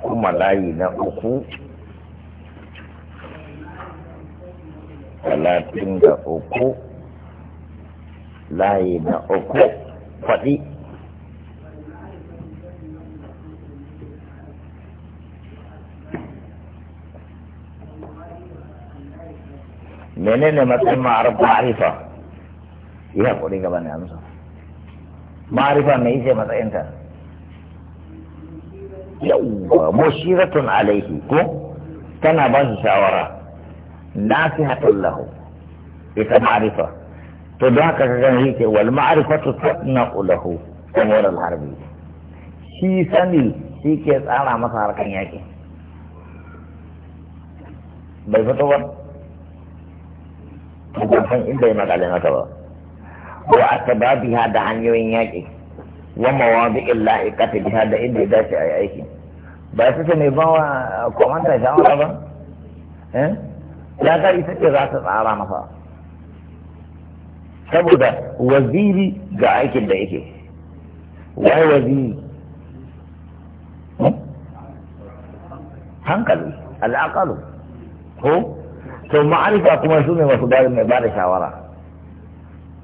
kuma layi na uku talatin da uku layi na uku faɗi menene matsayin ma'arif ma'arifa iya kuɗi gaba ne amsa ma'arifa mai ce matsayinta yawwa mushiratun alaihi ko tana ba shi shawara Na nasihatun lahu ita ma'arifa. to don haka ka gani yake wal ma'rifatu tatnaqu lahu umur al harbi shi sani shi ke tsara masa harkan yaki bai fito ba ban san inda ya makale maka ba wa asbabiha da hanyoyin yaki wa mawadi illa kati bi da inda ya dace a aiki ba su ce mai bawa komanta shawara ba eh? ya ga ita ce za ta tsara masa saboda waziri ga aikin da yake wai waziri hmm? hankali al'aqalu ko to ma'arifa kuma su ne masu bari mai bada shawara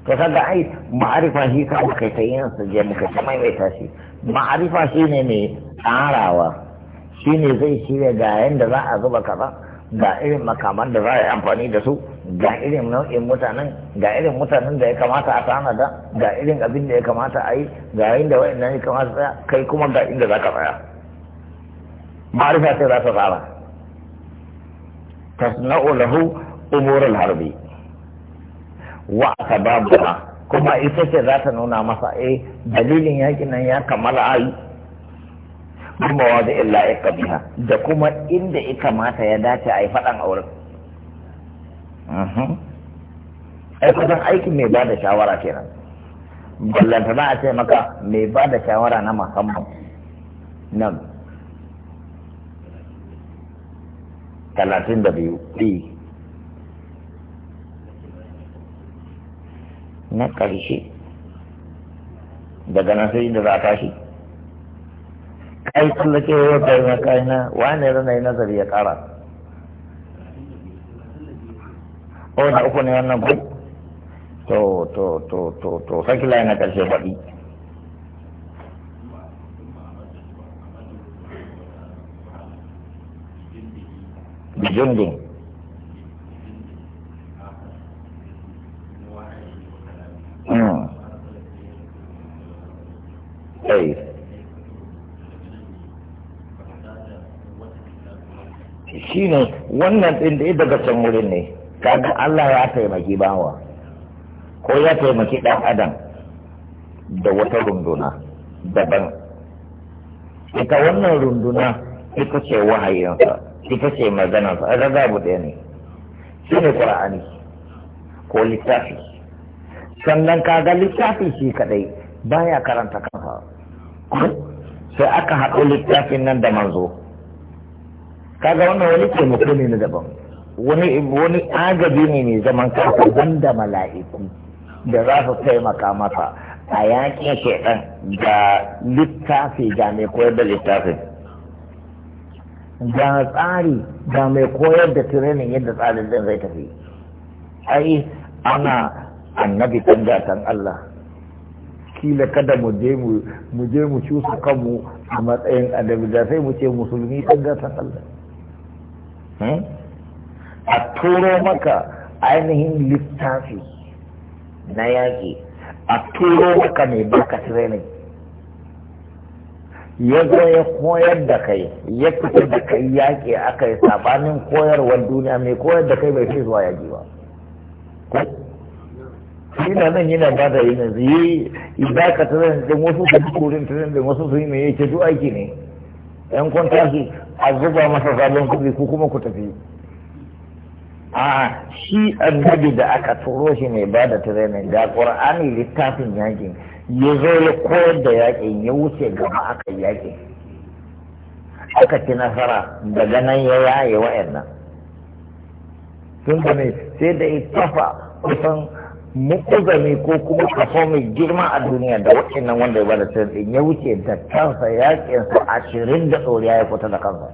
to kaga ai ma'arifa shi ka muka ta yin sujje muka ta maimaita shi ma'arifa shi ne mai tsarawa shi ne zai shirya ga yanda za a zuba kaza ga irin makaman da za a yi amfani da su ga irin nau'in mutanen ga irin mutanen da ya kamata a tanada ga irin abin da ya kamata a yi ga inda wa'annan ya kamata tsaya kai kuma ga inda za ka tsaya ma'arifa sai za ta tsara tasna'u lahu umurul harbi wa sababuha kuma ita ce za ta nuna masa eh dalilin yakin nan ya kammala ayi kuma wa da illa iqabiha da kuma inda ya kamata ya dace a yi faɗan aure. Mhm. ai kusan aikin mai ba da shawara kenan ballanta na a ce maka mai ba da shawara na musamman nan talatin da biyu na ƙarshe daga nan sai da za a tashi kai tsallake wa kai na kai na wane rana yi nazari ya ƙara o na uku ne wannan ku to to to to to sakila na ƙarshe baɗi. bijin din shine wannan ɗin da daga can wurin ne kaga Allah ya taimaki bawa ko ya taimaki ɗan adam da wata runduna daban ita wannan runduna ita ce wahayinsa ita ce maganarsa a raga ɗaya ne shi ne ƙura'ani ko littafi sannan kaga littafi shi kadai baya karanta kansa sai aka haɗo littafin nan da manzo kaga wannan wani taimako ne na daban wani wani agaji ne mai zaman kansa da mala'iku da za su taimaka masa a yakin shaidan ga littafi ga mai koyar da littafi ga tsari ga mai koyar da training yadda tsarin zan zai tafi ai ana annabi kan gatan Allah kila kada mu je mu je mu cusa kanmu a matsayin adabi da sai mu ce musulmi gatan Allah Hmm? a turo maka ainihin littafi na yaƙi a turo maka mai baka training ya zo ya koyar da kai ya fito da kai yaƙi aka yi sabanin koyarwar duniya mai koyar da kai bai fi zuwa yaƙi ba ina nan yana ba da yanzu yi ba ka training din wasu su yi kurin training din wasu su yi mai yake duk aiki ne yan kun tashi a zuba masa zalin kuɗi ko kuma ku tafi a shi annabi da aka turo shi ne ba da training da qur'ani littafin yakin ya zo ya koyar da yakin ya wuce gaba aka yakin aka ci nasara daga nan ya yaye wa'annan nan. da ne sai da fa kusan mu'uzami ko kuma kaso mai girma a duniya da waɗannan wanda ya bada sirrin ya wuce da kansa yaƙinsa ashirin da tsoriya ya fita da kansa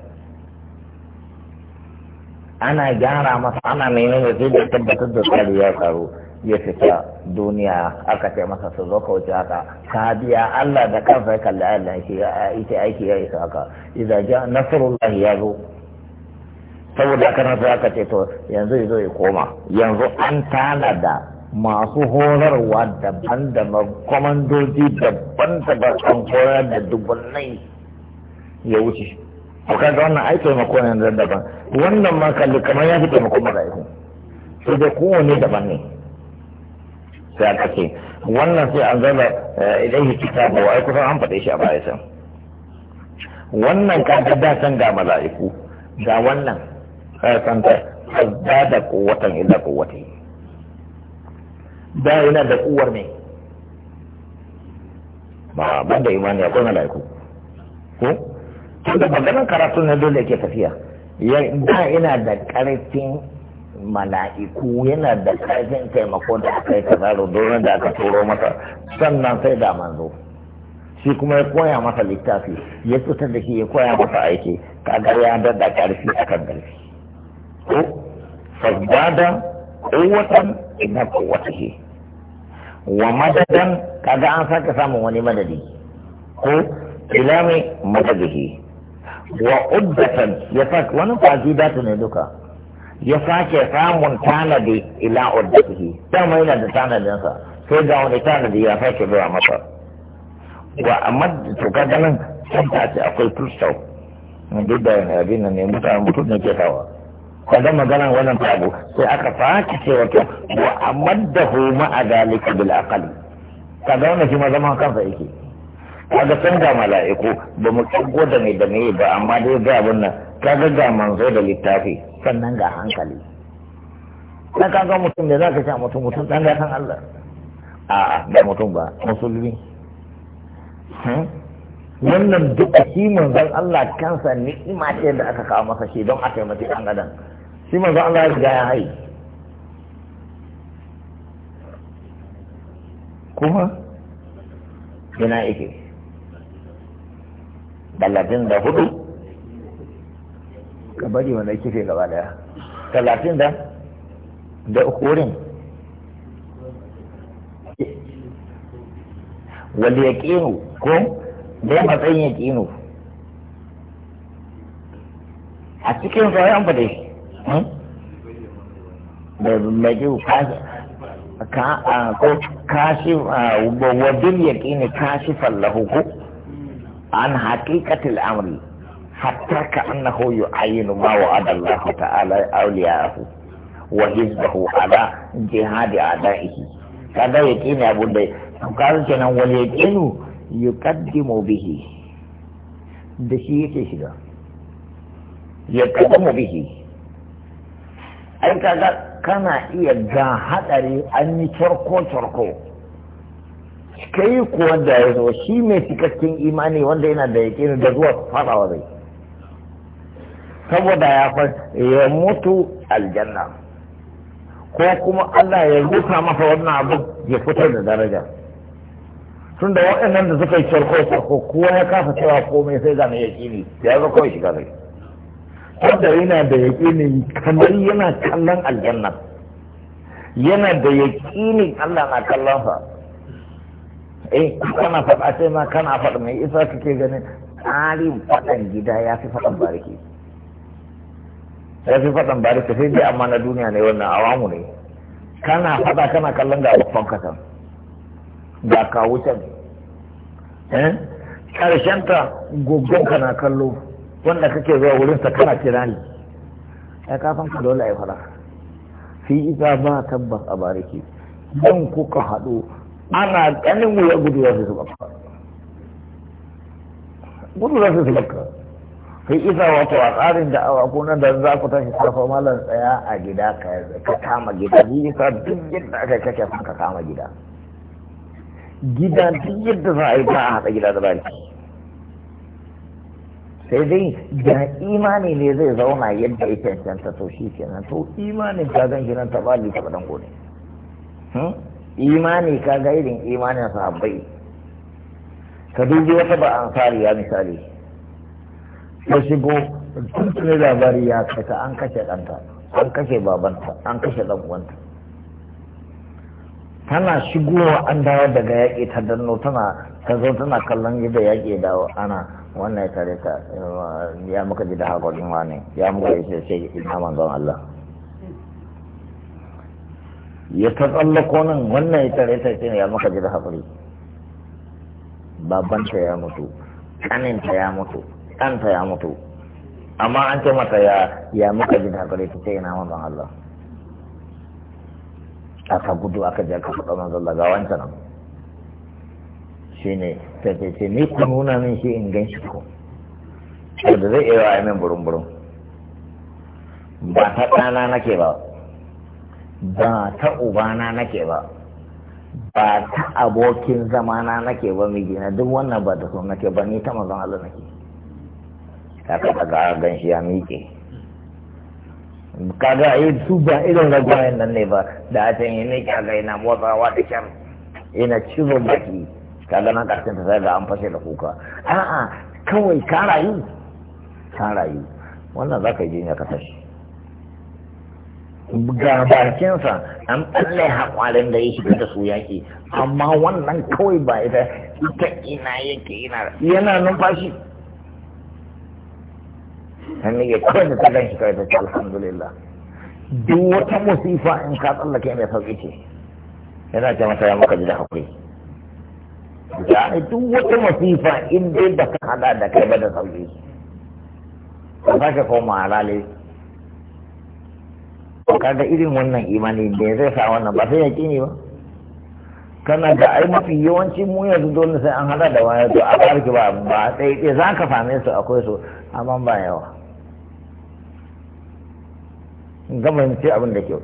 ana gyara masa ana menene zai da tabbatar da tsari ya karu. ya fita duniya aka ce masa su zo kauce haka ka biya Allah da kansa ya kalli Allah shi ya aiki ya isa haka idan ja nasrullahi ya zo saboda haka nan aka ce to yanzu ya ya koma yanzu an tana da masu horarwa daban-daban kwamandoji daban da bakon horar da dubunnai ya wuce to kaga wannan aiki taimako ne daban wannan ma kalli kamar ya fi taimako aiki su da kowane daban ne sai aka ce wannan sai an zama eh, idan shi kitabu ai kusan an faɗe shi a baya san wannan kan da san ga mala'iku ga wannan eh, santar da da kuwatan illa kuwatahi da yana da kuwar ne ba ban da imani akwai laiku ko tun da maganin karatu na dole ke tafiya da yana da karfin mala'iku yana da karfin taimako da aka yi tazaro doron da aka turo masa sannan sai da manzo shi kuma ya koya masa littafi ya fitar da shi ya koya masa aiki kaga ya dada karfi akan karfi ko fasdada kowatan ina shi wa madadan kaga an saka samun wani madadi ko ila mai madadihi wa uddatan ya sa wani kwaji datu ne duka ya sake samun tanadi ila uddatihi dama yana da tanadinsa sai ga wani tanadi ya sake zuwa masa wa amma to kaga nan sun ta ce akwai plus duk da yabi nan ne mutane mutum ne ke sawa kaga magana wannan abu sai aka faki cewa to wa amaddahu ma dalika bil Ka ga wannan shi ma zama kansa yake kaga san ga mala'iku ba mu kago da mai da mai ba amma dai ga wannan, nan ga ga manzo da littafi sannan ga hankali na ga mutum da zaka ce mutum mutum dan san Allah a'a ba mutum ba musulmi hmm? wannan duk shi manzon Allah kansa ni'ima ce da aka kawo masa shi don a taimaki ɗan adam shi manzo Allah ya riga ya haye kuma ina ike talatin da hudu ka bari wanda kife gaba daya talatin da da ukurin wurin wal yaqinu ko da matsayin yaqinu a cikin sauran ba dai da mai ka ko kashi wa bil yaqini kashifan lahu ko an haqiqatil amri hatta ka annahu yu'ayinu ma wa'ada Allah ta'ala awliyahu wa hizbahu ala jihadi adaihi kada yaqini abu da ya kan kenan wal yaqinu yuqaddimu bihi da shi yake shiga yuqaddimu bihi ai kaga kana iya ga hadari an yi corko corko kai kuwa da ya zo shi mai cikakken imani wanda yana da yakin da zuwa wa zai saboda ya fa ya mutu aljanna ko kuma Allah ya rufa masa wannan abu ya fitar da daraja tunda waɗannan da suka yi corko corko kowa ya kafa cewa komai sai zane ya yakini ya zo kawai shiga zai wanda yana da yaƙini kamar yana kallon aljanna yana da yaƙini Allah na kallon sa eh kana faɗa sai ma kana faɗa mai isa kake ganin tsarin faɗan gida ya fi faɗan bariki ya fi faɗan bariki sai dai amma na duniya ne wannan awamu ne kana faɗa kana kallon ga babban kasan ga kawo can eh ƙarshen ta gogon kana kallo wanda kake zuwa wurin sa kana kira ni ai ka san dole ai fara fi iza ba tabbas a bariki dan kuka hadu. ana ganin mu ya gudu za su bakka gudu za su bakka sai isa wato a tsarin da awa ko nan da za ku tashi safa malam tsaya a gida ka kama gida ni isa duk yadda aka kake ka kama gida gida duk yadda za a yi ba a haɗa gida da bariki sai dai da imani ne zai zauna yadda ya cancanta to shi kenan to imanin ka zan kiran ta bali ta badan gode hmm? imani ka ga irin imanin sahabbai ka dubi wata ba ansari ya misali ya shigo tuntunin labari ya kaka an kashe ɗanta an kashe babanta an kashe ɗan'uwanta tana shigowa an dawo daga yaƙi ta danno tana ta zo tana kallon yadda yaƙi dawo ana wannan tare ta ya muka ji da haƙorin wani ya muka yi sai sai ina manzon Allah ya ta tsallako nan wannan ya tare ta sai ya muka ji da haƙuri babanta ya mutu kaninta ya mutu ɗanta ya mutu amma an ce mata ya ya muka ji da haƙuri ta sai ina manzon Allah aka gudu aka je aka faɗa manzon Allah ga wancan nan shi ne ta ce ni ku nuna min shi in gan shi ko da zai iya yi min burin burin ba ta ɗana nake ba ba ta ubana nake ba ba ta abokin zamana nake ba na, duk wannan ba ta sun nake ba ni ta mazan Allah nake ta ka ga gan shi ya miƙe kaga a yi su ba irin ragwayen nan ne ba da a can yi ne kyaga yana motsawa da kyan ina cizon baki Ka gana karshen ta sai ga an fashe da kuka a'a kawai ka rayu ka rayu wannan za ka yi jinya ka tashi ga bakinsa an tsalle haƙwarin da ya shiga da su yaƙi amma wannan kawai ba ita ita ina yake ina yana numfashi hannu ya kawai da ta gan shi kawai ta ce alhamdulillah duk wata musifa in ka tsallake mai sauƙi ce yana ce masa ya muka ji da haƙuri ya duk wata masifa in dai ba ka hada da kai ba da sauki ka sake koma halale ga irin wannan imani da zai sa wannan ba sai ya kini ba kana da ai mafi yawancin mu yanzu dole sai an hada da wani to a ƙarfi ba ba sai dai za ka same su akwai su amma ba yawa gaban ce abin da kyau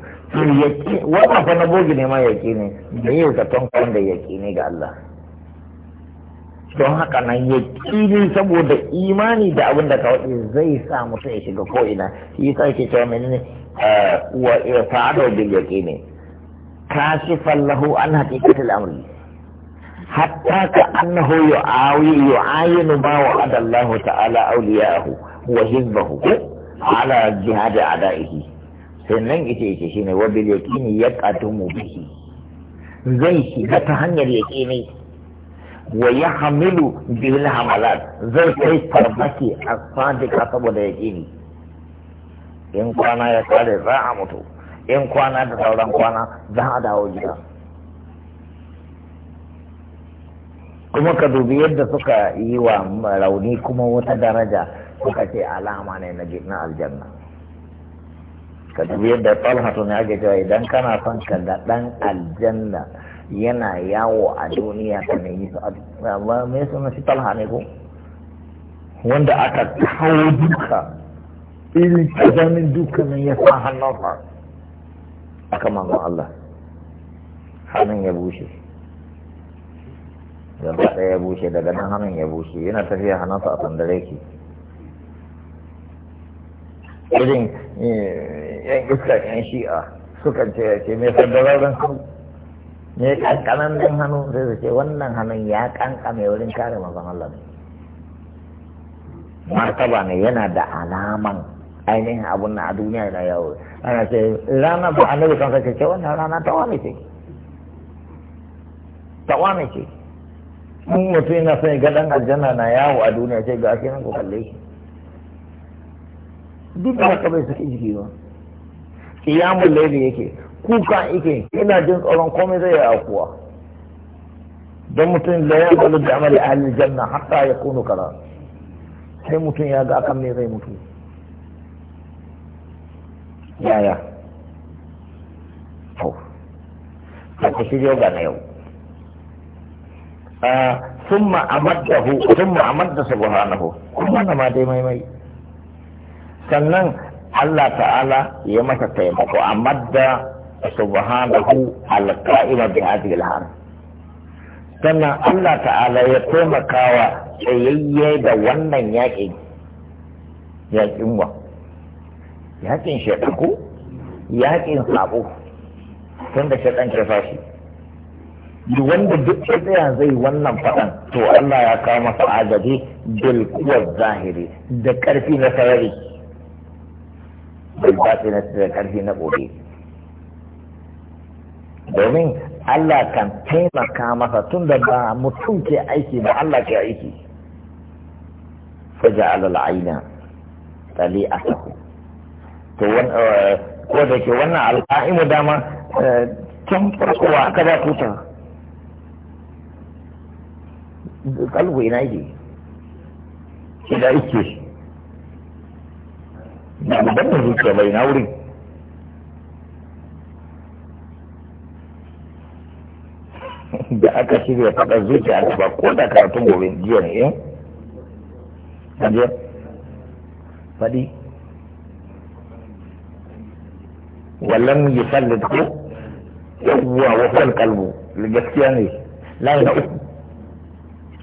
wannan fa na bogi ne ma yaki ne da yau ka tonka wanda yaki ne ga Allah don haka nan ya kili saboda imani da abin da ka waɗe zai sa mutum ya shiga ko'ina shi yi yake cewa menene eh, wa fa'ada bil Ka shi fallahu an haqiqatil amri hatta ka annahu yu'awi yu'ayinu ba wa Adallahu ta'ala awliyahu wa hizbahu ala jihad a'da'ihi sannan ita yake shine wa bil yaqini yaqatumu bihi zai shiga ta hanyar yaqini wa ya hamilu bil hamalat zai kai farmaki a ka saboda ya ƙini in kwana ya kare za a mutu in kwana da sauran kwana za a dawo gida kuma ka dubi yadda suka yi wa rauni kuma wata daraja suka ce alama ne na aljanna ka dubi yadda talha ne ake cewa idan kana son ka ga dan aljanna yana yawo a duniya ta mai yi ba mai suna shi talha ne ko wanda aka kawo duka irin kazanin duka nan ya sa hannunsa aka manzo Allah hannun ya bushe gaba ɗaya ya bushe daga nan hannun ya bushe yana tafiya hannunsa a sandare ke. irin eh, yan iska yan shi'a sukan ce ya ce mai sandararren sun ne kankanan nan hannu sai su ce wannan hannun ya kankame wurin kare mazan Allah ne martaba ne yana da alaman ainihin abun na a duniya da yawo ana ce rana ba annabi kan sace ce wannan rana ta wani ce ta wani ce mun mutum yana sai ga dan aljanna na yawo a duniya ce ga shi nan ko kalle shi duk da haka bai saki jiki ba qiyamul layli yake kuka ike ina jin tsoron komai zai yi akuwa don mutum da ya balu da amali halin janna hatta ya kunu kara sai mutum ya ga akan ne zai mutu yaya to a ku yau ga na yau ثم أمده ثم أمد سبحانه kuma ما dai mai-mai. sannan Allah ta'ala ya masa taimako a madda subhanahu alqa'ima bi hadhihi al sannan Allah ta'ala ya taimakawa tsayayye da wannan yaƙi yaƙin wa yaƙin shaɗan yaƙin saƙo, tun da shekan ke fashi wanda duk ya tsaya zai wannan faɗan to Allah ya kawo masa agaji bil kuwar zahiri da ƙarfi na sarari bil batsi na ƙarfi na gobe. domin Allah kan taimaka masa tun da ba mutum ke aiki ba Allah ke aiki faja alal aina tali asahu to eh, ko da ke wannan alƙa'imu dama can eh, farko wa aka ba tuta kalbu ina yake ina yake Ban da zuciya bai na wurin aka shirya faɗar zuciya a gaba ko da karatun gobe jiya ne eh kaje faɗi wallan yi sallin ko yawwa wasan kalbu gaskiya ne lai na uku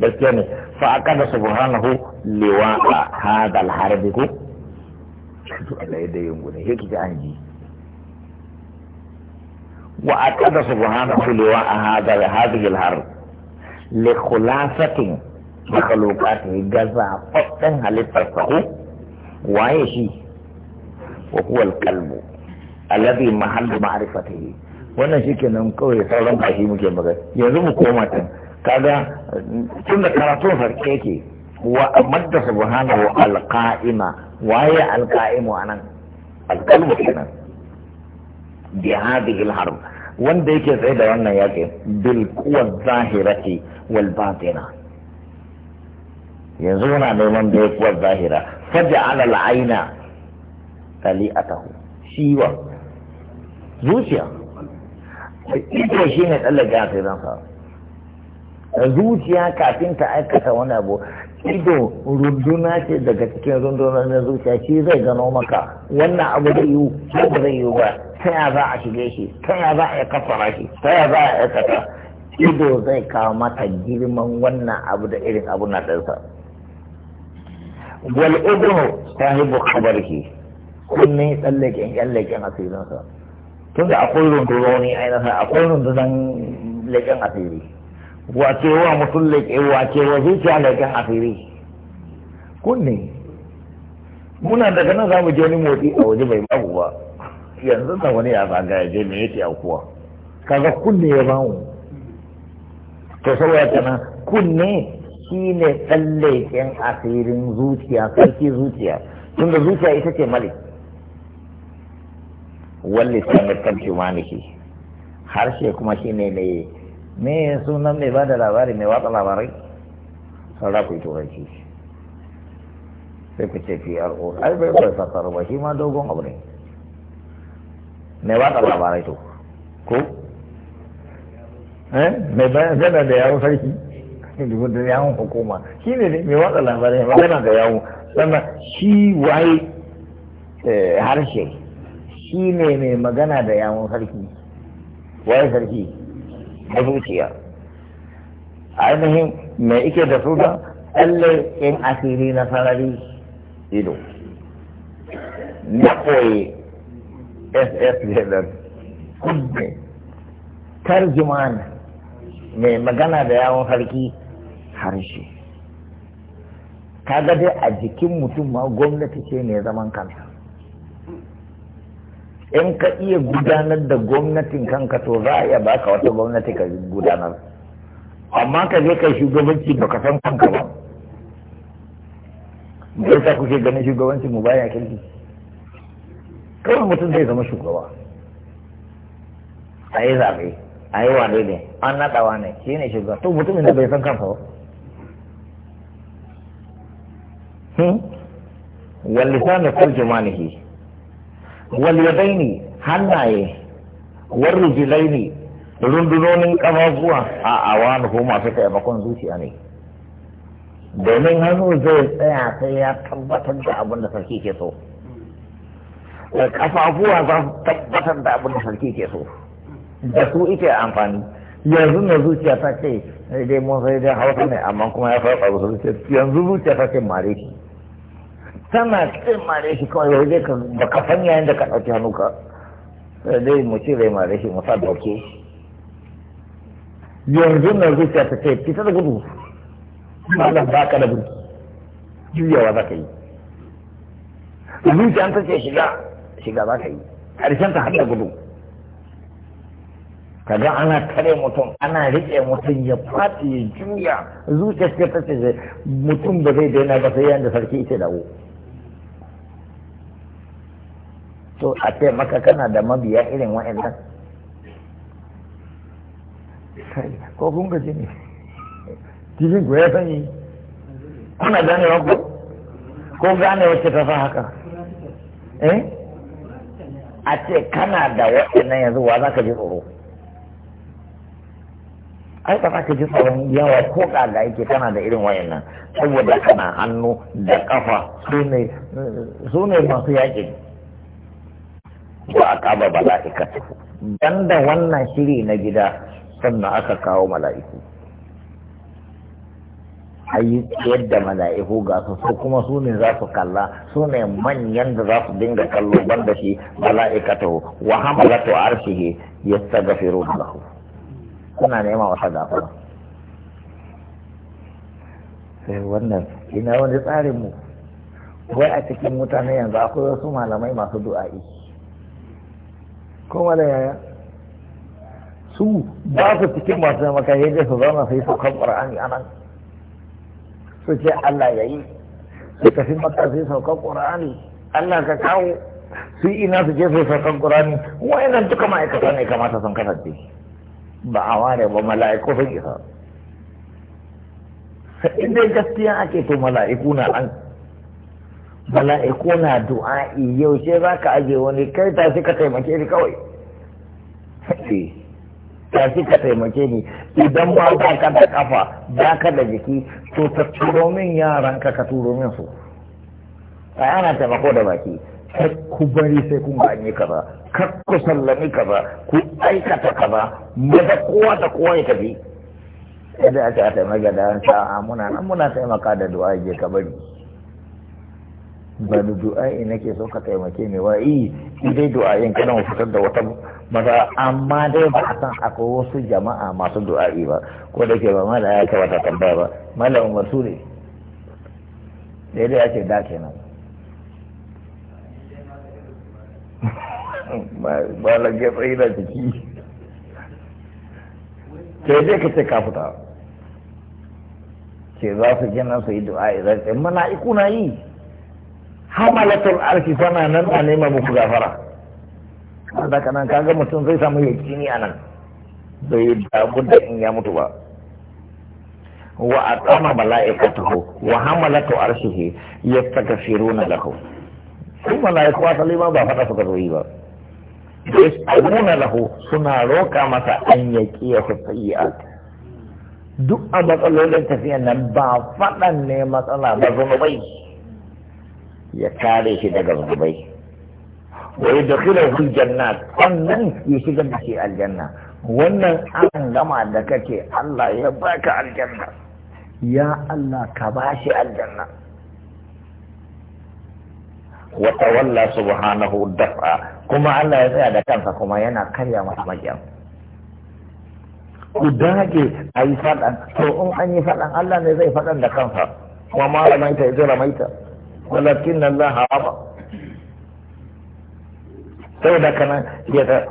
gaskiya ne fa aka da subhanahu liwa hadal harbi ko Allah ya da yin gune yake ji an ji وأكد سبحانه لواء هذا هذه الحرب لخلاصة مخلوقاته جزاء قطن هل ترسخ وايشي وهو الكلب الذي محل معرفته وانا شيك انهم كوي سولم قاشي مجمغة يزم قومتا كذا سنة كراتون فرقيكي ومد سبحانه القائمة وهي القائمة عنا القلب كنا bi hadhihi harb wanda yake tsaye da wannan yaƙi bil quwwat zahirati wal batina yanzu muna neman bil quwwat zahira faj'ala al-aina tali'atahu shiwa zuciya ita shine tsallake a sa zuciya kafin ta aikata wani abu ido runduna ce daga cikin runduna na zuciya shi zai gano maka wannan abu zai yiwu ko ba zai yiwu ba ta ya za a shige shi ta ya za a kafara shi ta ya za a kata ido zai kawo mata girman wannan abu da irin abu na ɗansa wal ibnu bukabar shi kunne tsallaken yallaken asirinsa tunda akwai rundunoni ainihin akwai runduna leƙen asiri wace wa mutum leƙe wace wa zuciya leƙen asiri kunne muna daga nan za mu je ni motsi a waje bai babu ba yanzu da wani ya zaga ya je me yake aukuwa kaga kunne ya bamu to saboda kana kunne shine tsallaken asirin zuciya sarki zuciya tunda zuciya ita ce malik wallisan da ma maniki harshe kuma shine ne me sunan mai ba da labari mai watsa labarai saura ku yi turanci sai ku ce pro ai bai bai fassara ba shi ma dogon abu ne mai watsa labarai to ko eh mai bayan sana da yawon sarki da yawon hukuma shi ne mai watsa labarai magana da yawon sannan shi waye eh, harshe shi ne mai magana da yawon sarki waye sarki da zuciya ainihin mai ike da su da tsalle in asiri na sarari ido na koyi ss da kudde tarjuman mai magana da yawon harki harshe kaga dai a jikin mutum ma gwamnati ce mai zaman kanta in ka iya gudanar da gwamnatin kanka to za a iya baka wata gwamnati ka gudanar amma ka je ka shugabanci ka san kanka ba me yasa kuke ganin shugabanci mu baya kirki kawai mutum zai zama shugaba a yi zaɓe a yi wane ne an naɗawa ne shi ne shugaba to mutumin da bai san kansa ba hmm? wallisa na kulki manihi wal hannaye war rijlaini rundunonin kafafuwa a awanu ko masu taimakon zuciya ne domin hannu zai tsaya sai ya tabbatar da abin da sarki ke so kafafuwa za su tabbatar da abin da sarki ke so da su ike amfani yanzu na zuciya ta ce dai mun sai dai hausa ne amma kuma ya farka zuciya yanzu zuciya ta ce mare shi kana kin mare shi kawai yau zai ka da ka san yayin da ka ɗauki hannu ka eh, dai mu ce zai mare shi mu sa dauke yanzu na zuciya ta ce fita da gudu malam ba ka da gudu juyawa za ka yi zuciya ta ce shiga shiga za ka yi harshen ta hada gudu kaga ana kare mutum ana riƙe mutum ya fati ya juya zuciya ta ce mutum ba zai daina ba sai yanda sarki ita dawo to a ce maka kana da mabiya irin wa'annan nan? ko kun gaji ne cikin ku ya sanyi kuna gane ku ko gane wacce ta sa haka eh a ce kana da wa'annan yanzu wa za ka ji tsoro ai ba za ka ji tsoron yawa ko kaga yake kana da irin wa'annan saboda kana hannu da kafa su ne masu yaƙi wa aqaba malaikatu dan da wannan shiri na gida sannan aka kawo mala'iku ayi yadda mala'iku ga su so kuma su ne za su kalla su ne manyan da za su dinga kallo banda shi mala'ikatu wa hamalatu arshihi yastaghfiru lahu kuna nema wata gafara sai eh, wannan ina wani tsarin mu wai a cikin mutane yanzu akwai wasu malamai masu du'a'i ko mala yaya su ba su cikin masu da maka yadda su zauna sai su kan ƙur'ani a nan su ce Allah ya yi su tafi maka sai kan ƙur'ani Allah ka kawo su ina su je su saukan wani nan duka ma'aikata ne kamata sun kasance ba a ware ba mala'iku sun isa in dai gaskiya ake to mala'iku na an mala'iku na du'a'i ce za ka aje wani kai tashi ka taimake ni kawai tashi ka taimake ni idan ba ba ka da kafa ba ka da jiki to ta turo min yaran ka ka turo min su A yana taimako da baki kar ku bari sai kun ganye kaza kar ku sallami kaza ku aikata kaza maza kowa da kowa ya tafi yadda aka taimaka da an sa'a muna nan muna taimaka da du'a je ka bari ba da du'a'i nake so ka taimake ni wa yi dai du'a'in kana mu fitar da wata maza amma dai ba a san akwai wasu jama'a masu du'a'i ba ko da ke ba ma da ya kamata tambaya ba malamin masu ne daidai ake da kenan ba la ga tsayi da jiki Ke dai ka ce ka fita Ke za su gina su yi du'a'i zai tsaye mala'iku na yi hamalatul arshi sana nan a nema muku gafara da kana kaga mutum zai samu yakini a nan bai damu da in ya mutu ba wa aqama malaikatahu wa hamalatu arshihi yastaghfiruna lahu su malaiku asali ma ba fada suka zo yi ba yastaghfiruna lahu suna roka masa an yaki ya a. duk a matsalolin tafiyan nan ba faɗan ne matsala ba zunubai ya kare shi daga zunubai wa yadkhiluhu aljannat wannan ya shiga da aljanna wannan an gama da kake Allah ya baka aljanna ya Allah ka bashi aljanna wa tawalla subhanahu dafa kuma Allah ya tsaya da kansa kuma yana karya masa makiyan ku dage a yi faɗan to in an yi faɗan Allah ne zai faɗan da kansa kuma ma ramaita ya maita. ramaita ولكن الله عظم سيدا كان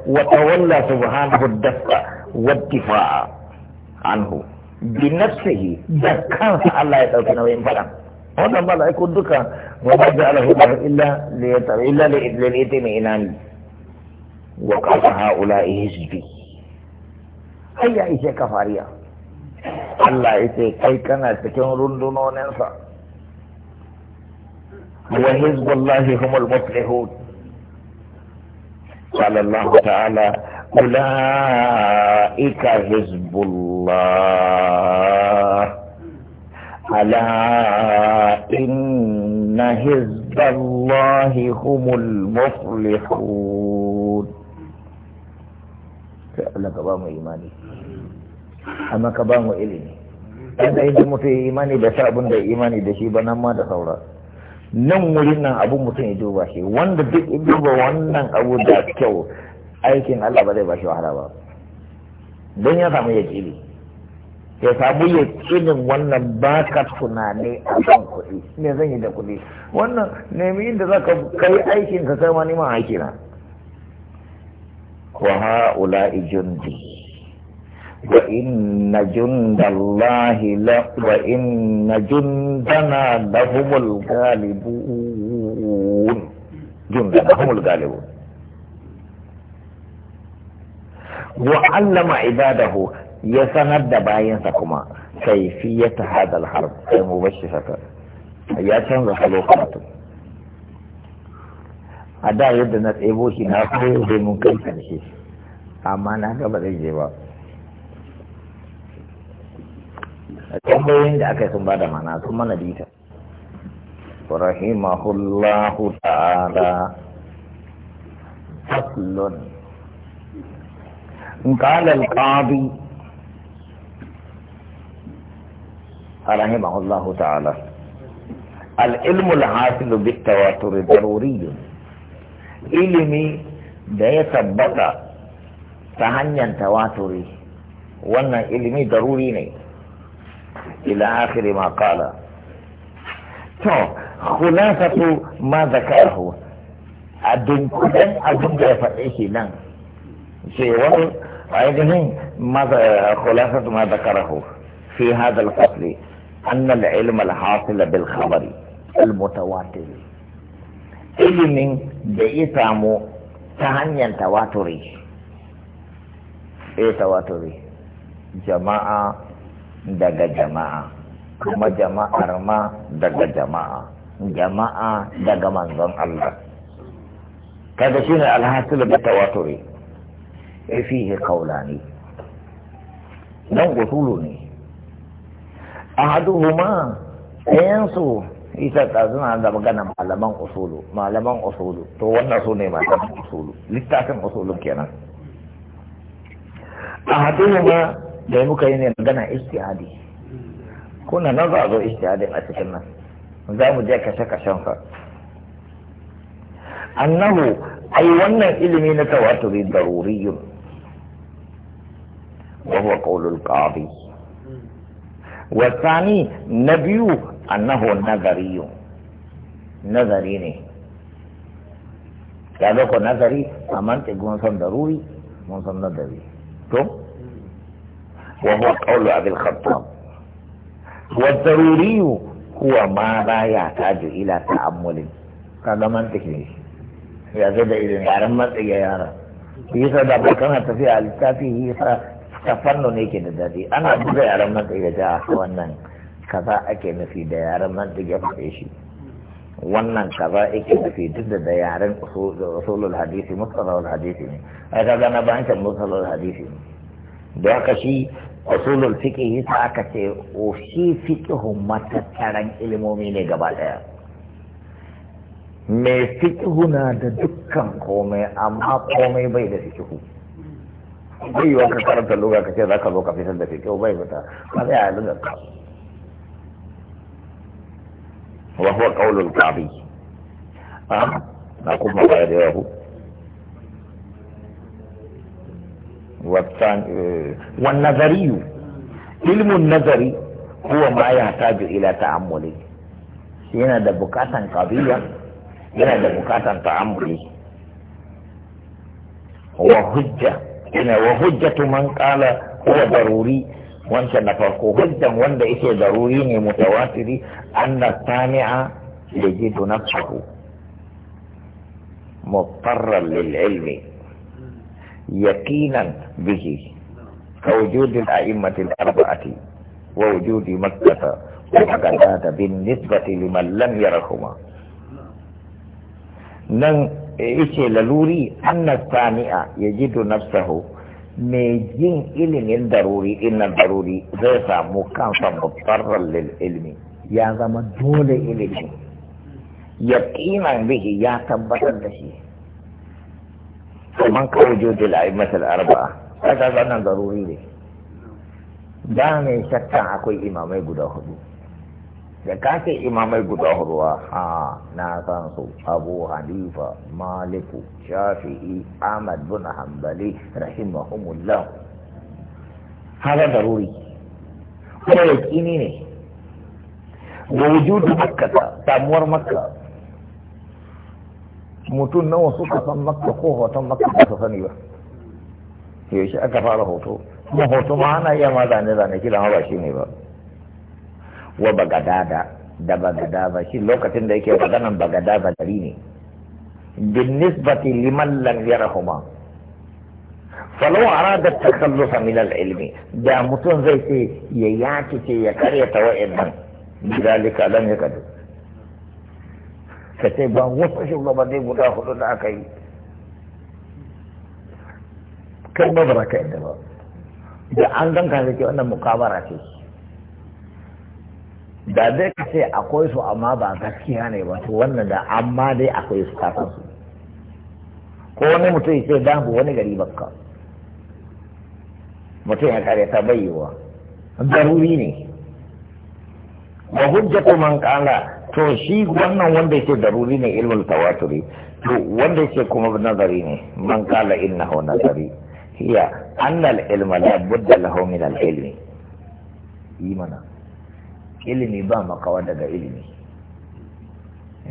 وتولى سبحانه الدفع والدفاع عنه بنفسه دكان الله يدعوكنا وينفعنا هذا ما يكون دكا وما جعله الله إلا إلا إنان وقال هؤلاء هزبي هيا إيشي كفاريا الله كي كانت تكون رندون صح وحزب الله هم المفلحون قال الله تعالى اولئك حزب الله الا ان حزب الله هم المفلحون فعلا كبام ايماني اما كبام إليني انت انت مفي ايماني بشعب ايماني بشيبا نما ده ثورات nan wurin nan abin mutum ya duba shi wanda duk duba wannan abu da kyau aikin Allah ba zai ba shi wahala ba don ya samu yaƙini ya samu yaƙinin wannan ba ka tunani a kan kuɗi me zan yi da kuɗi wannan nemi inda za ka kai aikin ka sai ma neman aikina wa ha'ula ijundi وإن جند الله لا وإن جندنا لهم الغالبون جندنا هم الغالبون وعلم عباده يسند باين سكما كيفية هذا الحرب أي مبشرة يا تنظر حلوقاته a da yadda na tsebo shi na koyo da mun kai tambayoyin da aka yi sun bada mana sun mana bita rahimahullahu ta'ala faslun قال القاضي رحمه الله تعالى العلم الحاصل بالتواتر ضروري ilimi da ya tabbata ta hanyar tawaturi wannan ilimi daruri ne إلى آخر ما قال خلاصة ما ذكره أدنكم أدنك يفتحي لن سيوال أيضا ماذا خلاصة ما ذكره في هذا القتل أن العلم الحاصل بالخبر المتواتر علم بإسامه تهنيا تواتري إيه تواتري جماعة daga jama'a kuma jama'ar ma daga jama'a jama'a daga manzon Allah kaga shine alhasil da tawaturi e fihi qawlani dan usulu ne ahaduhuma ayansu ita ta zuna da magana malaman usulu malaman usulu to wannan su ne malaman usulu littafin usulun kenan ahaduhuma da muka yi ne magana istihadi kuna nan za a zo istihadin a cikin nan za mu je kashe kashen fa annahu ai wannan ilimi na tawaturi daruriyun wa huwa qawlul qadi wa thani nabiyu annahu nazariyun nazari ne ga ko nazari a mantigun san daruri mun san nazari to وهو قول أبي الخطاب والضروري هو ما لا يحتاج إلى تأمل هذا منطقي ya zo da irin yaren matsayi yara yasa da ba kana tafiya a littafi yasa ta fanno ne ke da daɗi ana buga yaren matsayi da Ka wannan kaza ake nufi da yaren shi wannan kaza ake nufi duk da yaren usulul hadisi musalawar hadisi ne ai kaga na bayan can musalawar hadisi ne da haka shi asulul fiqh yasa aka ce o shi fiqh matattaran ilimomi ne gaba daya Me fiqh na da dukkan komai amma komai bai da fiqh bai yiwa ka karanta lugha ka ce za ka zo ka fitar da fiqh bai fita ba sai a lugha ka wa huwa qaulul qadi ah na kuma ba da yahu والنظري علم النظري هو ما يحتاج الى تامل هنا ده بكاتا قضية هنا ده بكاتا تعملي هو حجة هنا وحجة من قال هو ضروري وانسى نفرقه حجة وان ده ضروري متواتري ان السامع يجد نفسه مضطرا للعلم يقينا به كوجود الأئمة الأربعة ووجود مكة وقد بالنسبة لمن لم يرهما نن إيشي للوري أن الثانية يجد نفسه ميجين إلين الضروري إن الضروري ذيسا مكان فمضطرا للعلم يا زمان دول يقينا به يا تبتل بشيه kaman kawai jojil a imatar arba'a kasa wannan zaruri ne ba mai shakkan akwai imamai guda hudu da kace imamai guda hudu a na san su abu hanifa maliku shafi'i ahmad bin hanbali rahimahumullah hada daruri kuma yakini ne da wujudu makka samuwar makka mutum nawa suka san maka ko maka ba su sani ba aka fara hoto kuma hoto ma ana iya ma zane zane kila ma ba shi ne ba wa bagadada da bagada shi lokacin da yake maganan bagada ba gari ne bin nisbati liman lan yarahuma falau arada takhallusa min al-ilmi da mutum zai ce ya yaki ce ya karyata wa'annan bidalika lan yakadu ka ce ba wasu ne guda hudu da aka yi kai ba bara ka yadda ba da an ganka da ke wannan mukabara ce da zai ka ce akwai su amma ba gaskiya ne ba to wannan da amma dai akwai su kafin su ko wani mutum ya ce babu wani gari bakka mutum ya kare ta bayyewa daruri ne wa hujjatu man qala to shi wannan wanda yake daruri ne ilmul tawaturi to wanda yake kuma nazari ne man kala innahu nazari hiya annal ilma la budda lahu min al-ilmi imana ilimi ba makawa daga ilmi.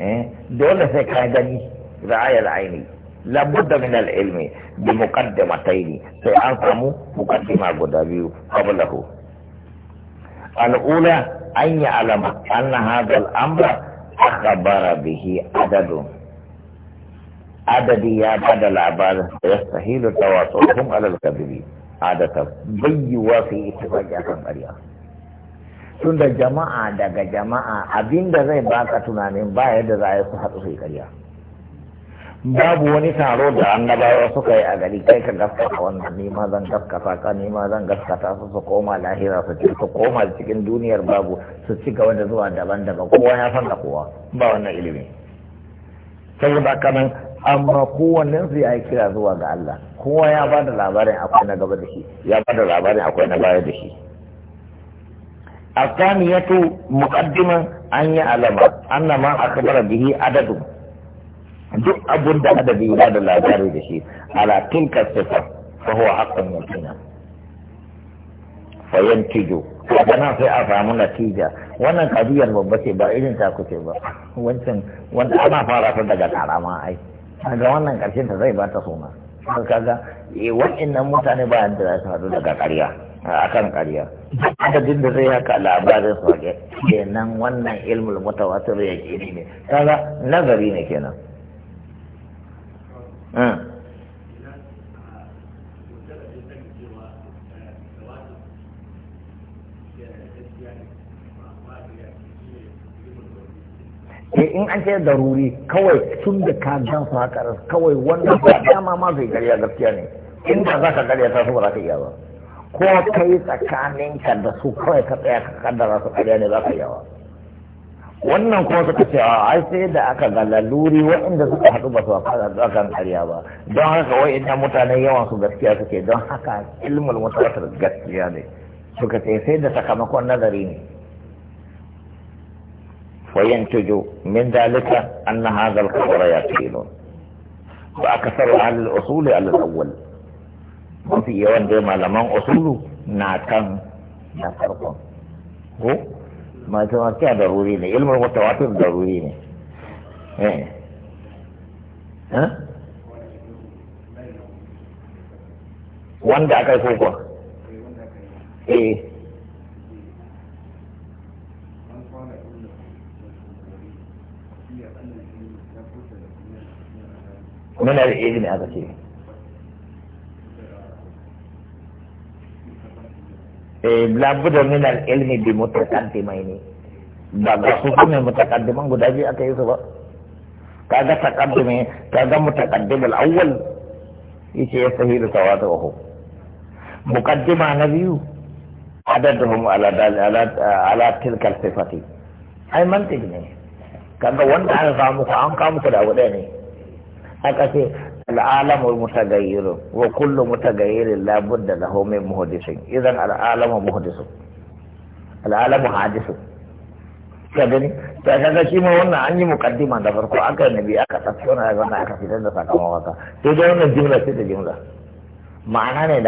eh dole sai ka gani al aini la budda min al-ilmi bi muqaddimatayn sai an samu muqaddima guda biyu qablahu al-ula an يعلم أن هذا الأمر أخبر bihi adadu. adadi ya ba da labarin da ya sahilu tawasohum alal kadhibi adata bayyuwa fi ittifaqi akan ƙarya tun da jama'a daga jama'a abinda zai baka tunanin ba yadda za a yi su haɗu su yi ƙarya babu wani taro da annabawa suka yi a gari kai ka gaskata wannan ni ma zan gaskata ka ni ma zan gaskata su su koma lahira su ci su koma cikin duniyar babu su ci gaba da zuwa daban-daban kowa ya san da kowa ba wannan ilimi ba kanan amma kowanne su ya yi kira zuwa ga Allah kowa ya ba da labarin akwai na gaba da shi ya ba da labarin akwai na baya da shi الثانية muqaddiman an يعلم alama annama akbara bihi adadun duk abun da adabi ya da labari da shi ala tilka sifa fa huwa haqqan yakina fa yantijo kaga na sai a samu natija wannan kadiyar babba ce ba irin ta kuce ba wancan wanda ana fara ta daga karama ai daga wannan karshen ta zai ba ta suna kaga eh wa'annan mutane ba yanda za su hadu daga ƙarya akan ƙarya adadin da zai haka labarin su kenan wannan ilmul mutawatir ya ne kaga nazari ne kenan an da ruri kawai tun da ka gan su haka kawai wanda ba ya ma zai gariya gaskiya ne inda za ka gariya ta su ba ka iya ba ko kai tsakanin ka da su kawai ka tsaya ka kaddara su gariya ne za ka iya ba wannan kuma suka ce a ai sai da aka ga laluri waɗanda suka haɗu ba su a fara zakan gariya ba don haka wai waɗannan mutane yawan su gaskiya suke don haka ilmul mutawatir gaskiya ne suka ce sai da sakamakon nazari ne وينتج من ذلك أن هذا الخبر يقين وأكثر أهل الأصول على الأول وفي يوان دي مالما أصول ناكم نفرق هو ما تمكى ضروري لي علم المتواتر ضروري لي إيه. ها wanda aka yi ko eh من العلم هذا شيء min al-ilmi bi mutaqaddimaini ba ga mutaqaddiman guda biyu aka yi su ba kaga taqaddimi kaga mutaqaddim al-awwal yace ya sahiru tawadahu muqaddima na biyu ne kaga wanda samu an kamu da ne aka ce al'alamu mutagayyirun wa kullu mutagayyirin la budda lahu min muhaddisin idan al'alamu muhaddisun al'alamu Hadisu. ka gani ta kaga shi ma wannan an yi mukaddima da farko aka nabi aka tsakkona wannan aka fitar da sakamakon haka sai dai wannan jimla sai da jimla, ma'ana ne da